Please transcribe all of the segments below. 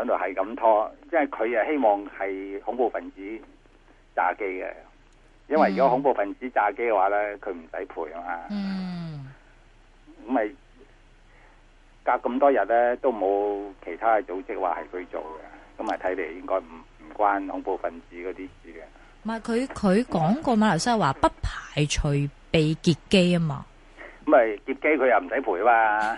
喺度係咁拖，即係佢啊希望係恐怖分子炸機嘅，因為如果恐怖分子炸機嘅話咧，佢唔使賠啊嘛。嗯，咁咪隔咁多日咧，都冇其他嘅組織話係佢做嘅，咁咪睇嚟，應該唔唔關恐怖分子嗰啲事嘅。唔係佢佢講過馬來西亞話，不排除被劫機啊嘛。咁咪劫機佢又唔使賠嘛？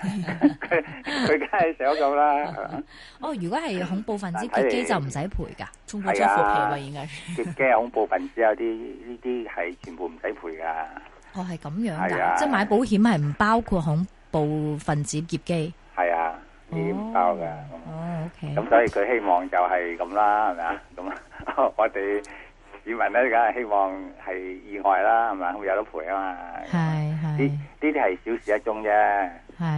佢佢梗係想咁啦。哦，如果係恐怖分子劫機就唔使賠㗎，中國都服氣喎，應該。劫機係恐怖分子有啲呢啲係全部唔使賠㗎。哦，係咁樣㗎，即係買保險係唔包括恐怖分子劫機。係啊，唔包㗎。哦，OK。咁所以佢希望就係咁啦，係咪啊？咁我哋。市民咧梗係希望係意外啦，係咪會有得賠啊嘛。係係，呢啲係小事一宗啫。係。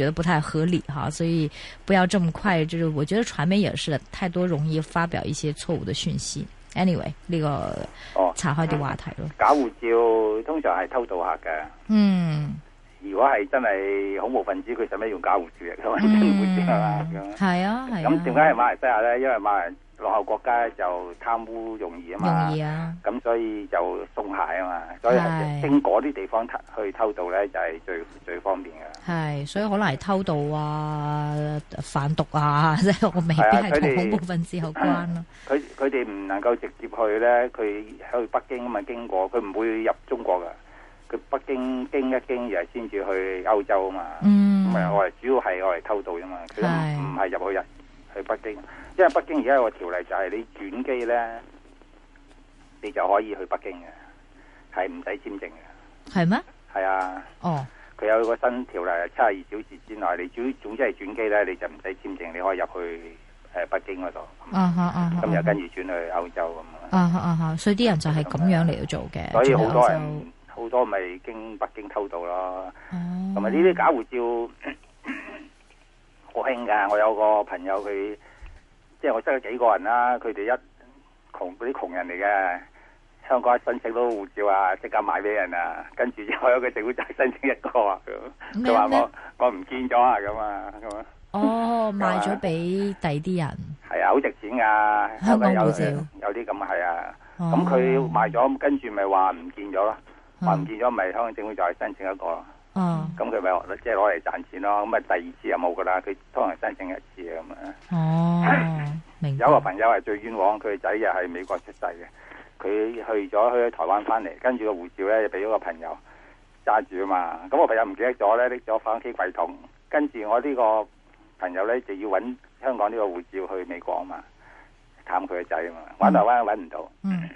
覺得不太合理哈，所以不要這麼快。就是我覺得傳媒也是太多，容易發表一些錯誤的訊息。Anyway，那、這個哦，岔開啲話題咯。假護照通常係偷渡客嘅。嗯。如果係真係恐怖分子，佢使乜用假護照、 嗯、 啊？咁真唔會啲噶嘛？咁係啊，係啊。咁點解係馬來西亞咧？因為馬來。落後國家就貪污容易啊嘛，容易啊，咁所以就鬆懈啊嘛，所以經過啲地方去偷渡咧就係、是、最的最方便嘅。係，所以可能係偷渡啊、販毒啊，即係 我未必係同恐怖分子有關咯、啊。佢佢哋唔能夠直接去咧，佢去北京啊嘛，經過，佢唔會入中國噶，佢北京經一經又先至去歐洲啊嘛。嗯。唔係，我係主要係我嚟偷渡啊嘛，佢唔係入去入。去北京，因為北京而家有個條例就係你轉機咧，你就可以去北京嘅，係唔使簽證嘅。係咩？係啊。哦。佢有一個新條例，七十二小時之內，你總總之係轉機咧，你就唔使簽證，你可以入去誒北京嗰度。啊啊咁又跟住轉去歐洲咁樣啊。啊、uh、啊 -huh. uh -huh. uh -huh. 所以啲人就係咁樣嚟到做嘅。所以好多人，好多咪經北京偷渡咯。同埋呢啲假護照。 好興噶，我有個朋友佢，即係我識咗幾個人啦，佢哋一窮嗰啲窮人嚟嘅，香港一申請到護照啊，即刻賣俾人啊，跟住之後有個政府就申請一個，佢話我我唔見咗啊咁啊，咁啊，哦， 賣咗俾第二啲人，係啊，好值錢噶，香港護照有啲咁啊，係啊，咁佢、哦、賣咗，跟住咪話唔見咗咯，話唔見咗咪、嗯就係、香港政府再申請一個。嗯、啊，咁佢咪即係攞嚟賺錢咯，咁啊第二次又冇噶啦，佢通常申請一次咁啊。哦，明白。有個朋友係最冤枉，佢嘅仔又係美國出世嘅，佢去咗去咗台灣翻嚟，跟住個護照咧就俾咗個朋友揸住啊嘛。咁我朋友唔記得咗咧，拎咗翻屋企櫃桶，跟住我呢個朋友咧就要揾香港呢個護照去美國啊嘛，探佢嘅仔啊嘛，喺台灣揾唔到。嗯。嗯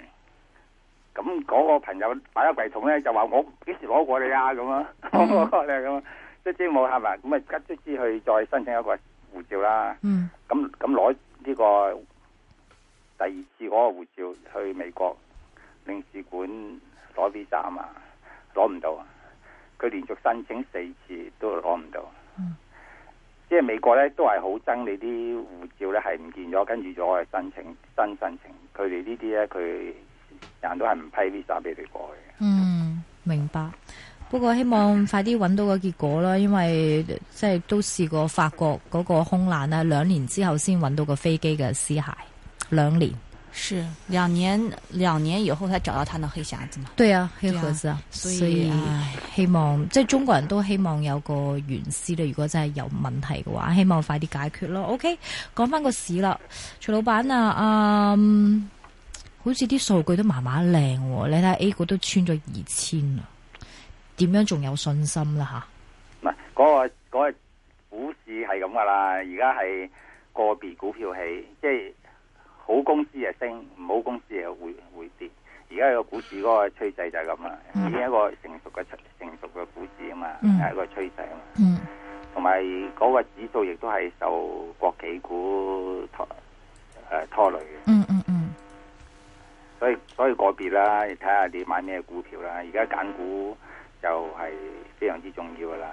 咁、那、嗰個朋友擺咗櫃桶咧，就話我幾時攞過你啊？咁啊，你、嗯、啊？咁 啊，即係即冇係咪？咁啊，即之去再申請一個護照啦。嗯。咁咁攞呢個第二次嗰個護照去美國領事館攞 Visa 嘛？攞唔到，啊。佢連續申請四次都攞唔到。嗯、即係美國咧，都係好憎你啲護照咧，係唔見咗，跟住咗去申請新申請。佢哋呢啲咧，佢。人都係唔批 visa 俾你過去嘅。嗯，明白。不過希望快啲揾到個結果啦，因為即係都試過法國嗰個空難咧，兩年之後先揾到個飛機嘅屍骸。兩年是兩年，兩年以後才找到他那黑匣子嘛？對啊，黑盒子啊，所以希望即係中國人都希望有個原絲咧。如果真係有問題嘅話，希望快啲解決咯。OK，講翻個市啦，徐老闆啊，嗯。好似啲數據都麻麻靚，你睇下 A 股都穿咗二千啦，點樣仲有信心啦吓？唔係，嗰個嗰個股市係咁噶啦，而家係個別股票係，即係好公司係升，唔好公司係會會跌。而家個股市嗰個趨勢就係咁啊，已經一個成熟嘅成熟嘅股市啊嘛，係，嗯，一個趨勢啊嘛。同埋嗰個指數亦都係受國企股拖誒、呃、拖累嘅。嗯所以所以個別啦，你睇下你買咩股票啦，而家揀股就係非常之重要噶啦。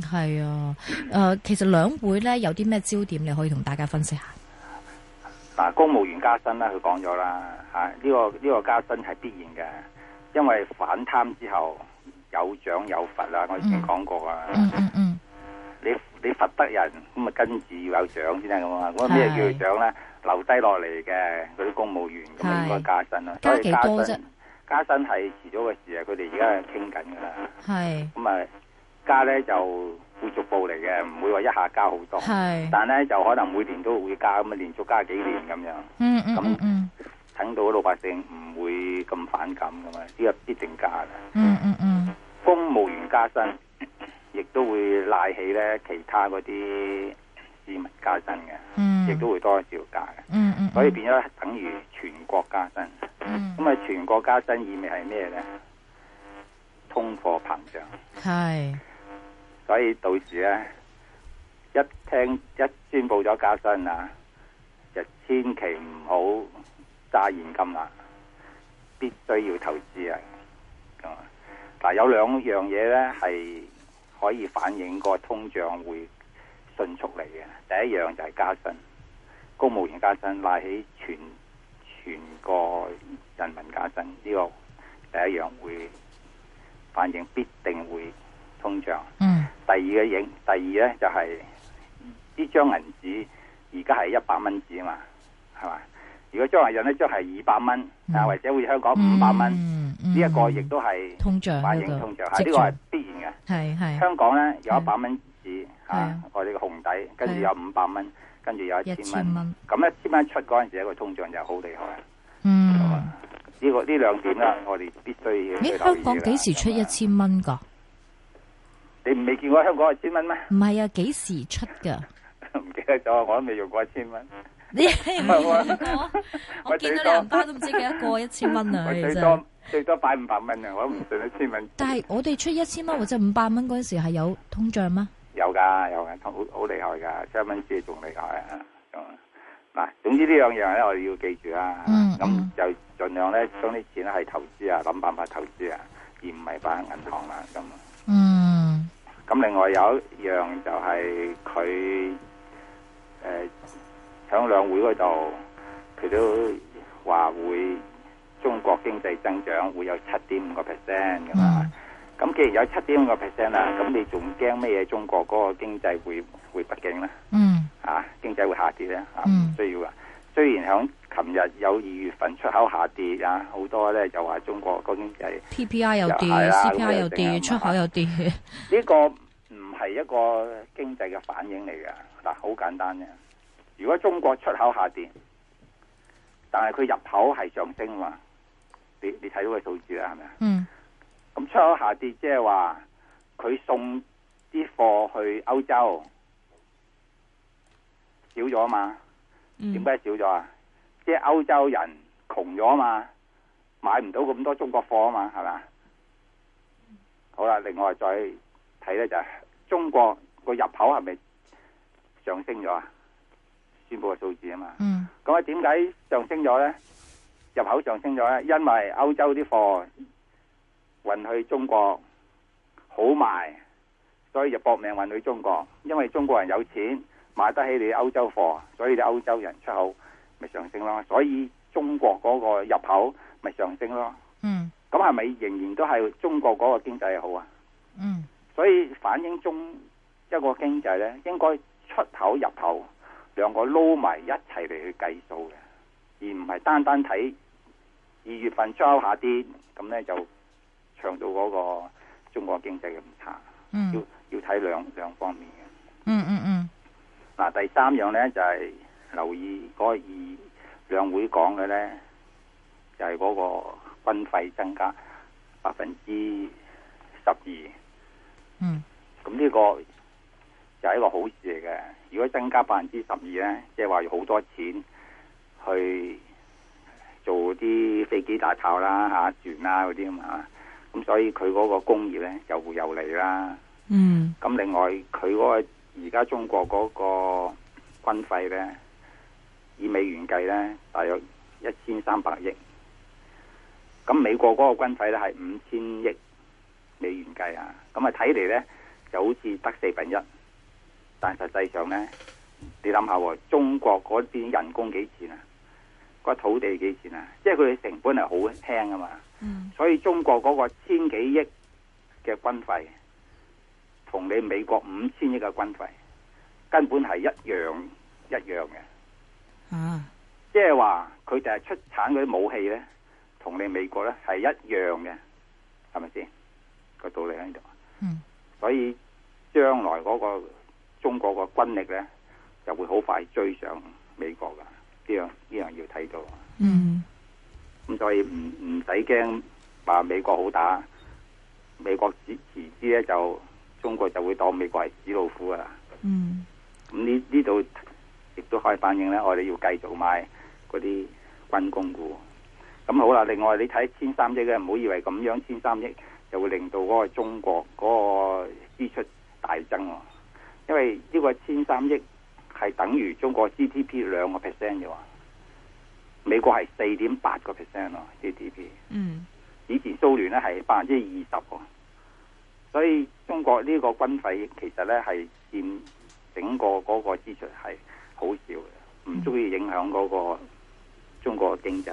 係啊，誒、呃，其實兩會咧有啲咩焦點你可以同大家分析下。嗱、啊，公務員加薪啦，佢講咗啦，吓、啊、呢、呢個呢、呢個加薪係必然嘅，因為反貪之後有獎有罰啦，我之前講過啊。嗯嗯嗯。你你罰得人咁啊，跟住要有獎先得噶嘛。我咩叫做獎咧？留低落嚟嘅嗰啲公務員咁啊，應該加薪啦。加幾多啫？所以加薪，加薪係遲早嘅事啊！佢哋而家係傾緊㗎啦。係。咁啊，加咧就會逐步嚟嘅，唔會話一下加好多。係。但咧就可能每年都會加，咁啊連續加幾年咁樣。嗯嗯。咁嗯，等到老百姓唔會咁反感㗎嘛，呢個必定加啦。嗯嗯嗯，嗯，嗯。公務員加薪，亦都會拉起咧其他嗰啲市民加薪嘅。嗯亦都會多少加嘅、嗯嗯嗯，所以變咗等於全國加薪。咁、嗯、啊，全國加薪意味係咩咧？通貨膨脹。係，所以到時咧，一聽一宣布咗加薪啊，就千祈唔好揸現金啦，必須要投資啊。嗱，有兩樣嘢咧係可以反映個通脹會迅速嚟嘅，第一樣就係加薪。公務員加薪，拉起全全個人民加薪，呢個第一樣會，反應必定會通脹。嗯。第二嘅影，第二咧就係呢張銀紙而家係一百蚊紙嘛，係嘛？如果將來印呢張係二百蚊，啊、嗯、或者會香港五百蚊，呢、嗯、一、嗯，這個亦都係通脹通脹，係、啊、呢、這個係必然嘅。係係。香港咧有一百蚊紙，吓、啊、我哋嘅紅底，跟住有五百蚊。跟住有一千蚊，咁一千蚊出嗰陣時，一個通脹就好厲害。嗯，呢、這個呢兩點啦，我哋必須要。你香港幾時出一千蚊噶？你未見過香港一千蚊咩？唔係啊，幾時出噶？唔記得咗，我都未用過一千蚊。你用過 我我我見到你銀包都唔知幾多個一千蚊啊！最多我最多擺五百蚊啊！我都唔算一千蚊。但係我哋出一千蚊或者五百蚊嗰陣時，係有通脹嗎？有噶，有噶，好好厲害噶，詹姆斯仲厲害啊！咁嗱，總之呢兩樣咧，我哋要記住啦。咁、mm -hmm. 就盡量咧，將啲錢係投資啊，諗辦法投資啊，而唔係擺喺銀行啦。咁嗯，咁、mm -hmm. 另外有一樣就係佢誒，喺、呃、兩會嗰度，佢都話會中國經濟增長會有七點五個 percent 噶嘛。既然有七點五個 percent 啊，咁你仲驚咩嘢？中國嗰個經濟會會不景咧、啊？嗯，啊，經濟會下跌咧？啊，唔需要啊。雖然響琴日有二月份出口下跌啊，好多咧又話中國嗰經濟、啊、PPI 有跌、啊、CPI 有跌、啊，出口有跌。呢、啊這個唔係一個經濟嘅反應嚟嘅。嗱、啊，好簡單嘅。如果中國出口下跌，但係佢入口係上升嘛？你你睇到個數字啦，係咪啊？嗯。咁出口下跌，即係話佢送啲貨去歐洲少咗嘛？點解少咗啊？即係歐洲人窮咗嘛，買唔到咁多中國貨啊嘛，係嘛？好啦，另外再睇咧就係、是、中國個入口係咪上升咗啊？宣布個數字啊嘛。咁、嗯、啊，點解上升咗咧？入口上升咗咧，因為歐洲啲貨。運去中國好賣，所以就搏命運去中國，因為中國人有錢買得起你歐洲貨，所以你歐洲人出口咪上升咯。所以中國嗰個入口咪上升咯。嗯，咁係咪仍然都係中國嗰個經濟好啊？嗯、mm.，所以反映中一個經濟呢，應該出口、入口兩個撈埋一齊嚟，去計數嘅，而唔係單單睇二月份出 h 下跌，咁呢就。唱到嗰個中國經濟嘅唔差，嗯、要要睇兩兩方面嘅。嗯嗯嗯。嗱、嗯啊，第三樣咧就係、是、留意嗰二兩會講嘅咧，就係、是、嗰個軍費增加百分之十二。嗯。咁呢個就係一個好事嚟嘅。如果增加百分之十二咧，即係話要好多錢去做啲飛機大炮啦、嚇船啦嗰啲啊。所以佢嗰個工業呢又會又嚟啦，嗯，咁另外佢嗰個而家中國嗰個軍費呢以美元計呢大約一千三百億，咁美國嗰個軍費呢係五千億美元計啊，咁啊睇嚟呢就好似得四分一，但實際上呢你諗下中國嗰邊人工幾錢啊？個土地幾錢啊？即係佢哋成本係好輕啊嘛。嗯，所以中國嗰個千幾億嘅軍費，同你美國五千億嘅軍費，根本係一樣一樣嘅。啊，即係話佢哋係出產嗰啲武器咧，同你美國咧係一樣嘅，係咪先？個道理喺度。嗯，所以將來嗰個中國個軍力咧，就會好快追上美國噶。呢樣呢樣要睇到。嗯，咁所以唔唔使驚，話美國好打，美國遲遲啲咧，就，就中國就會當美國係紙老虎㗎喇，嗯，咁呢呢度亦都可以反映咧，我哋要繼續買嗰啲軍工股，咁好啦。另外你睇千三億嘅，唔好以為咁樣千三億就會令到嗰個中國嗰個支出大增啊，因為呢個千三億。係等於中國 GDP 兩個 percent 嘅話，美國係四點八個 percent 咯 GDP。嗯，以前蘇聯咧係百分之二十喎，所以中國呢個軍費其實咧係佔整個嗰個支出係好少嘅，唔足以影響嗰個中國經濟。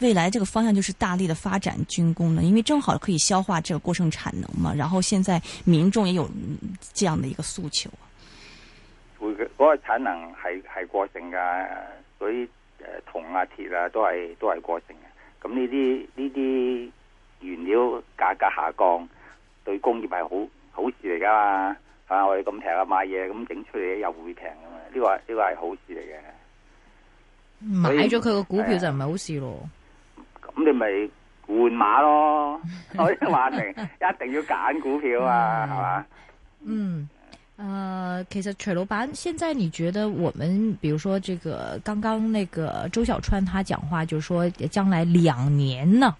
未來這個方向就是大力的發展軍工呢，因為正好可以消化這個過剩產能嘛。然後現在民眾也有這樣的一個訴求。嗰、那個產能係係過剩噶，所以、呃、銅啊、鐵啊都係都係過剩嘅。咁呢啲呢啲原料價格下降，對工業係好好事嚟噶嘛？係、啊、我哋咁平啊買嘢，咁整出嚟又會平噶嘛？呢、這個呢、這個係好事嚟嘅。買咗佢個股票就唔係好事咯。咁你咪換馬咯，我啲話定一定要揀股票啊，係 嘛，嗯？嗯，誒、呃，其實徐老闆，現在你覺得我們，比如說這個剛剛那個周小川他講話就，就說將來兩年呢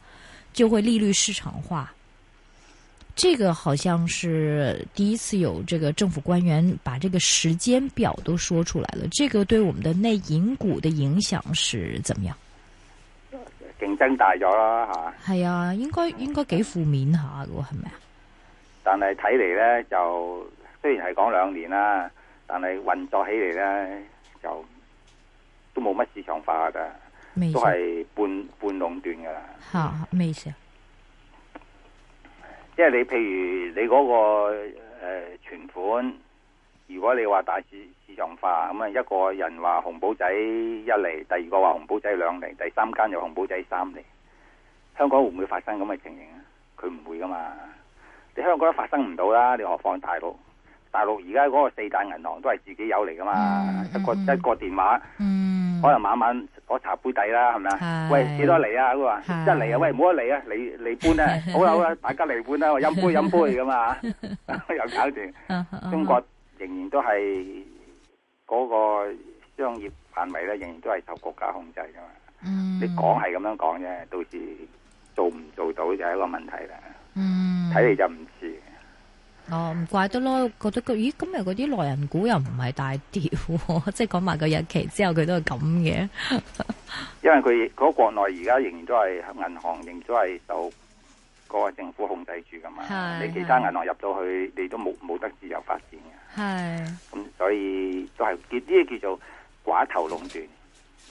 就會利率市場化，這個好像是第一次有這個政府官員把這個時間表都說出來了，這個對我們的內銀股的影響是怎麼樣？競爭大咗啦，吓係啊，應該應該幾負面下噶，係咪啊？但係睇嚟咧，就雖然係講兩年啦，但係運作起嚟咧，就都冇乜市場化噶，都係半半壟斷噶啦。吓，咩意思啊？即係你譬如你嗰個誒存款。如果你話大市市場化咁啊，一個人話紅寶仔一釐，第二個話紅寶仔兩釐，第三間又紅寶仔三釐。香港會唔會發生咁嘅情形啊？佢唔會噶嘛，你香港都發生唔到啦，你何況大陸？大陸而家嗰個四大銀行都係自己有嚟噶嘛、嗯，一個、嗯、一個電話，嗯、可能晚晚攞茶杯底啦，係咪啊，啊？喂，幾多釐啊？佢話一釐啊，喂，唔好得嚟啊，你釐搬啊，好啦、啊、好啦、啊， 大家嚟搬啦，我飲杯飲杯咁啊，嘛 又搞掂，中國。仍然都係嗰個商業範圍咧，仍然都係受國家控制噶嘛、嗯。你講係咁樣講啫，到時做唔做到就係一個問題啦。嗯，睇嚟就唔似。哦，唔怪得咯，覺得佢咦，今日嗰啲內人股又唔係大跌，即係講埋個日期之後，佢都係咁嘅。因為佢嗰國內而家仍然都係銀行，仍然都係走。個政府控制住噶嘛？你其他銀行入到去，你都冇冇得自由發展嘅。係咁、嗯，所以都係呢啲叫做寡頭壟斷，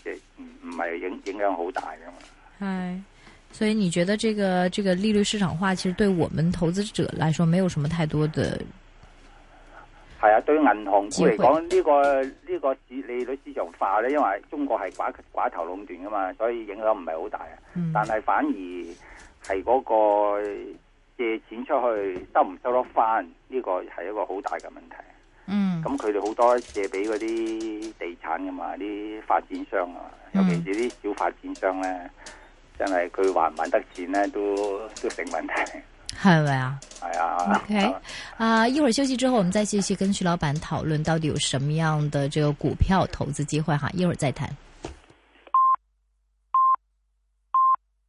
即係唔係影影響好大噶嘛？係，所以你覺得這個這個利率市場化，其實對我們投資者來說，沒有什麼太多的係啊？對於銀行股嚟講，呢、這個呢、這個市利率市場化咧，因為中國係寡寡頭壟斷噶嘛，所以影響唔係好大啊、嗯。但係反而。係嗰個借錢出去收唔收得翻呢、呢個係一個好大嘅問題。嗯，咁佢哋好多借俾嗰啲地產噶嘛，啲發展商啊，尤其是啲小發展商咧、嗯，真係佢還唔還得錢咧，都都成問題。係咪啊？係啊。OK，啊、uh，一會休息之後，我們再繼續跟徐老闆討論到底有什麼樣的這個股票投資機會哈，一會再談。